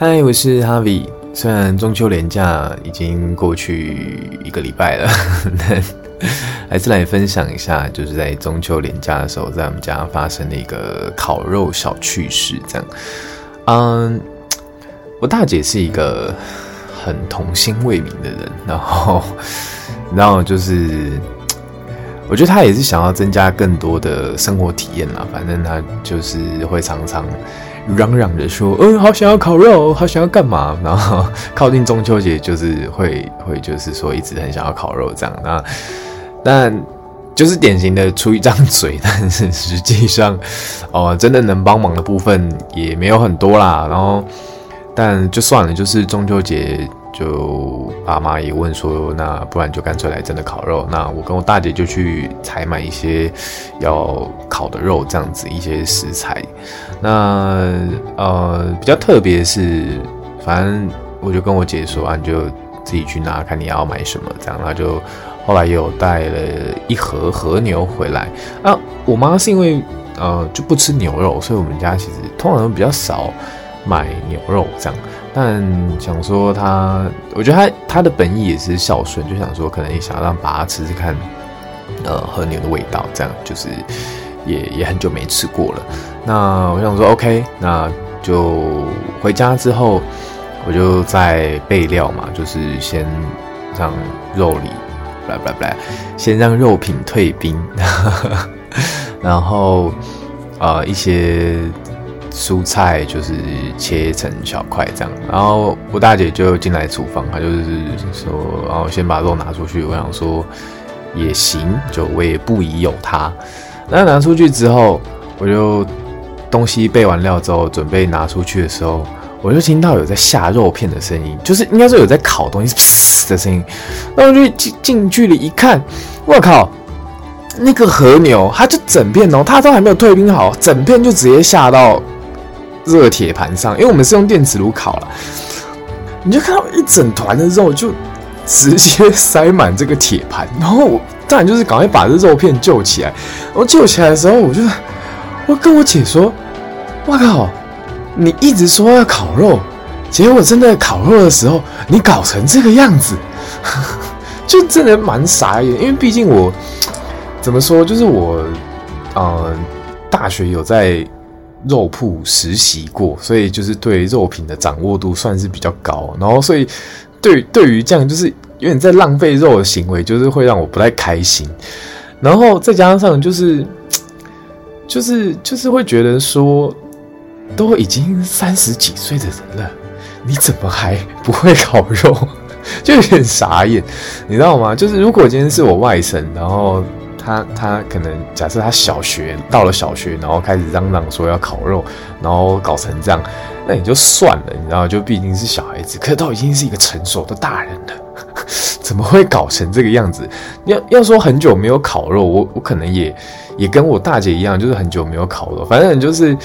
嗨，我是 Harvie。雖然中秋連假已經過去一個禮拜了，但還是來分享一下，就是在中秋連假的時候，在我們家發生了一個烤肉小趣事。這樣，嗯，我大姐是一個很童心未泯的人，然後，然後就是，我覺得她也是想要增加更多的生活體驗啦。反正她就是會常常。嚷嚷着說：“嗯，好想要烤肉，好想要幹嘛？”然後靠近中秋節，就是會會就是說一直很想要烤肉這樣。那但就是典型的出一張嘴，但是實際上，哦、呃，真的能幫忙的部分也沒有很多啦。然後，但就算了，就是中秋節。就爸媽也問說，那不然就乾脆來真的烤肉。那我跟我大姐就去採買一些要烤的肉，這樣子一些食材。那呃比較特別的是，反正我就跟我姐說啊，你就自己去拿，看你要買什麼這樣。然後就後來也有帶了一盒和牛回來。那、啊、我媽是因為呃就不吃牛肉，所以我們家其實通常都比較少買牛肉這樣。但想說他，我覺得他他的本意也是孝順，就想說可能也想讓爸爸吃吃看，呃，和牛的味道，這樣，就是也也很久沒吃過了。那我想說，OK，那就回家之後，我就再備料嘛，就是先讓肉裡不來不來不來，先讓肉品退冰， 然後啊、呃、一些。蔬菜就是切成小塊這樣，然後我大姐就進來廚房，她就是說：“然後先把肉拿出去。”我想說也行，就我也不疑有他。那拿出去之後，我就東西備完料之後，準備拿出去的時候，我就聽到有在下肉片的聲音，就是應該說有在烤東西噗噗的聲音。那我就近近距離一看，我靠，那個和牛，它就整片哦、喔，它都還沒有退冰好，整片就直接下到。熱鐵盤上，因為我們是用電磁爐烤了，你就看到一整團的肉就直接塞滿這個鐵盤，然後我當然就是趕快把這肉片救起來。然後救起來的時候，我就我跟我姐說：“我靠，你一直說要烤肉，結果真的烤肉的時候你搞成這個樣子， 就真的蠻傻眼。”因為畢竟我怎麼說，就是我嗯、呃，大學有在。肉鋪實習過，所以就是對肉品的掌握度算是比較高。然後，所以對對於這樣就是有點在浪費肉的行為，就是會讓我不太開心。然後再加上就是就是就是會覺得說，都已經三十幾歲的人了，你怎麼還不會烤肉？就有點傻眼，你知道嗎？就是如果今天是我外甥，然後。他他可能假設他小學到了小學，然後開始嚷嚷說要烤肉，然後搞成這樣，那也就算了，你知道，就畢竟是小孩子。可是都已經是一個成熟的大人了， 怎麼會搞成這個樣子？要要說很久沒有烤肉，我我可能也也跟我大姐一樣，就是很久沒有烤肉，反正就是有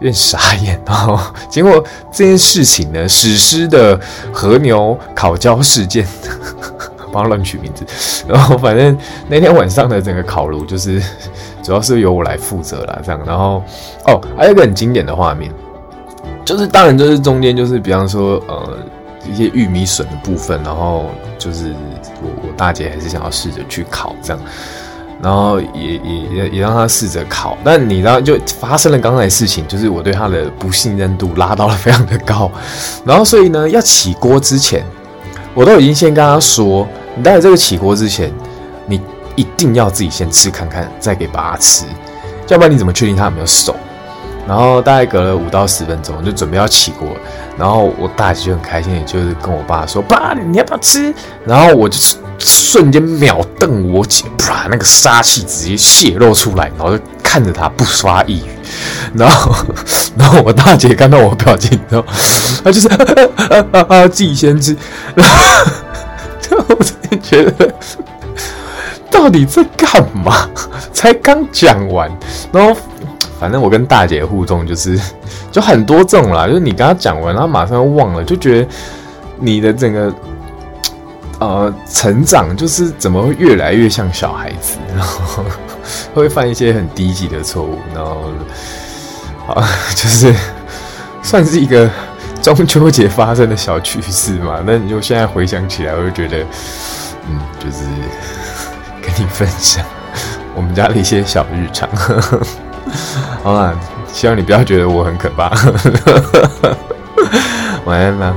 點傻眼。然後結果這件事情呢，史詩的和牛烤焦事件。 幫他亂取名字，然後反正那天晚上的整個烤爐就是主要是由我來負責啦，這樣。然後哦，還有一個很經典的畫面，就是當然就是中間就是比方說呃一些玉米筍的部分，然後就是我，我大姐還是想要試着去烤這樣，然後也也也也讓她試着烤。但你知道就發生了剛才的事情，就是我對她的不信任度拉到了非常的高。然後所以呢，要起鍋之前，我都已經先跟她說。你待會這個起鍋之前，你一定要自己先吃看看，再給爸爸吃，要不然你怎麼確定他有沒有熟？然後大概隔了五到十分鐘就準備要起鍋，然後我大姐就很開心，就是跟我爸說：“爸，你要不要吃？”然後我就瞬間秒瞪我姐，啪，那個殺氣直接泄露出來，然後就看着他不發一語。然後，然後我大姐看到我表情，然後她就是自己先吃。然後 我真的覺得，到底在幹嘛？才剛講完，然後反正我跟大姐互動就是，就很多這種啦。就是你跟她講完，她馬上就忘了，就覺得你的整個呃成長就是怎麼會越來越像小孩子，然後會犯一些很低級的錯誤，然後好，就是算是一個。中秋節發生的小趣事嘛，那你就現在回想起來，我就覺得，嗯，就是跟你分享我們家的一些小日常。 好啦，希望你不要覺得我很可怕。 晚安啦。